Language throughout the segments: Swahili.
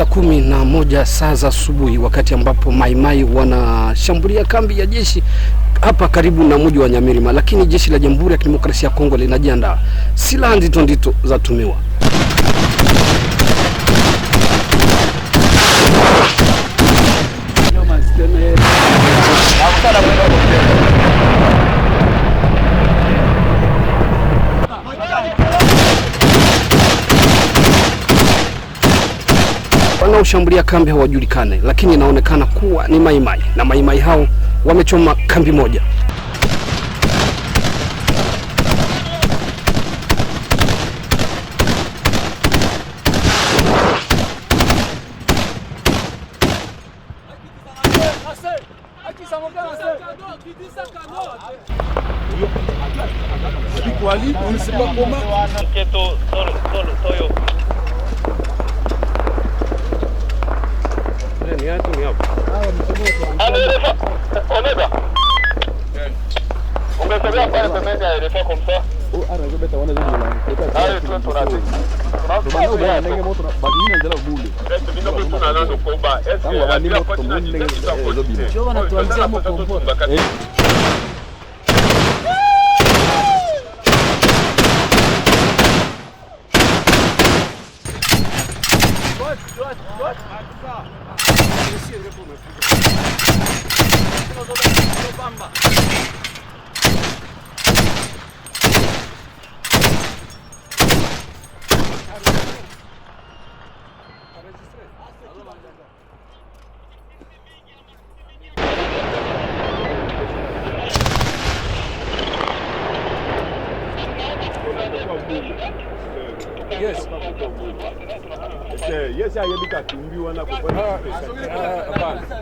saa kumi na moja saa za asubuhi, wakati ambapo maimai wanashambulia kambi ya jeshi hapa karibu na mji wa Nyamirima, lakini jeshi la Jamhuri ya Kidemokrasia ya Kongo linajiandaa. Silaha nzito nzito zatumiwa wanaoshambulia kambi hawajulikane, lakini inaonekana kuwa ni maimai na maimai hao wamechoma kambi moja. ni hapa ni hapa. Alirifa. Omega. Umesogea pale pembeni ya Alirifa kwa msaa. Oh, ana zobeta wana zidi la. Hayo tu tunati. Tunaona bwana nenge moto badilina zela bule. Sasa ndio kwa tunalo kuomba. Sasa ndio kwa tunalo kuomba. Sasa ndio kwa tunalo kuomba. lamba. Yes. Yes, ya yebika tumbi wana kupata. Ah, ah, ah.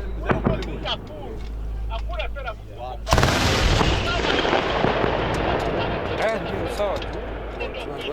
Eh, sağ ol. Sen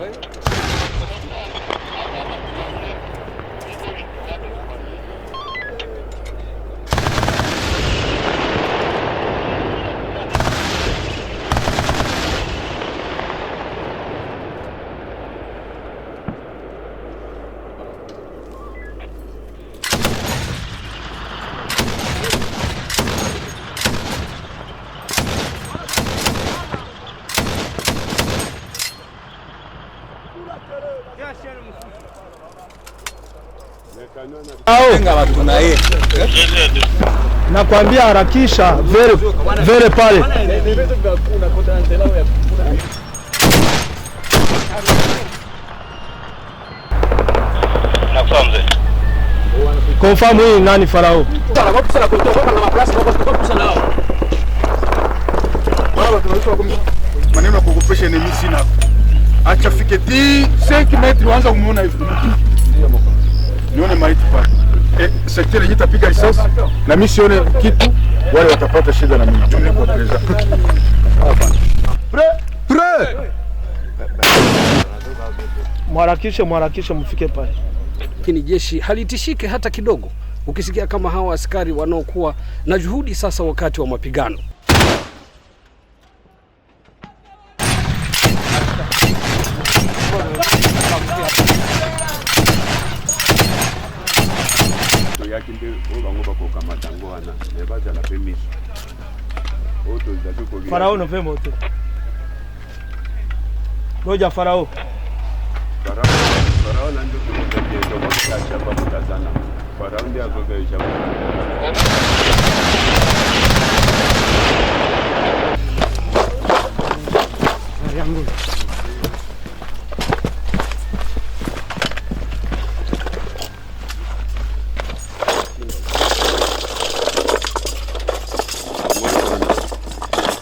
Nakwambia harakisha vere, vere pale Confirm hii nani Farao? Maneno ya ni mimi sina. Acha fike 5 metri uanza kumuona hivi nione maiti pale eh, sekteri itapiga risasi na mimi sione kitu, wale watapata shida na mimi tuni kwa mfike pale. Lakini jeshi halitishike hata kidogo, ukisikia kama hawa askari wanaokuwa na juhudi sasa wakati wa mapigano Farao no vema ote. Ngoja Farao. Farao na ndio kwa kwa kwa kwa kwa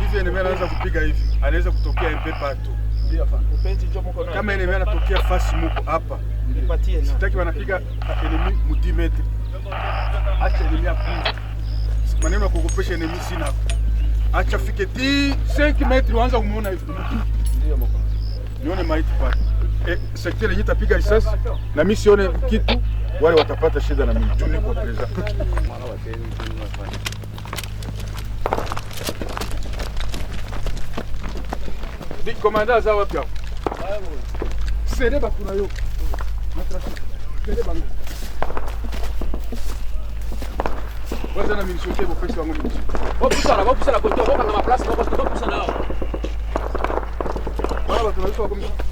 hivi enemy anaweza kupiga hivi, anaweza kutokea MP pato kama enemy anatokea fasi muko hapa, sitaki wanapiga enemy mudimetri, acha enemy apige maneno ya kuogopesha enemy sina acha fike ti 5 metri, wanza kumuona hivi nione maiti pale, sekta yenyewe tapiga risasi na mimi sione kitu wale watapata shida na mimi juu niko presa. Big komanda za wapi hapo? Sere bakuna yo. Sere bangu. Waza na minishote bo pesa wangu minishote. Wapusa na wapusa na kote kama place na wapo kama wapusa nao. Wala watu wako minishote.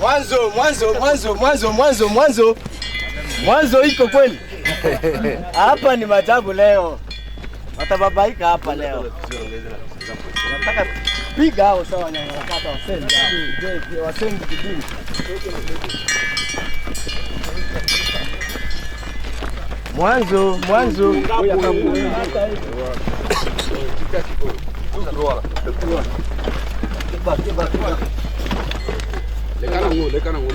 Mwanzo, mwanzo, mwanzo, mwanzo, mwanzo, mwanzo. Mwanzo iko kweli. Hapa ni matabu leo. Watababaika hapa leo. Nataka piga hao sawa na wakata wasendi. Wasendi kidini. Mwanzo, mwanzo. mwanzo れからも。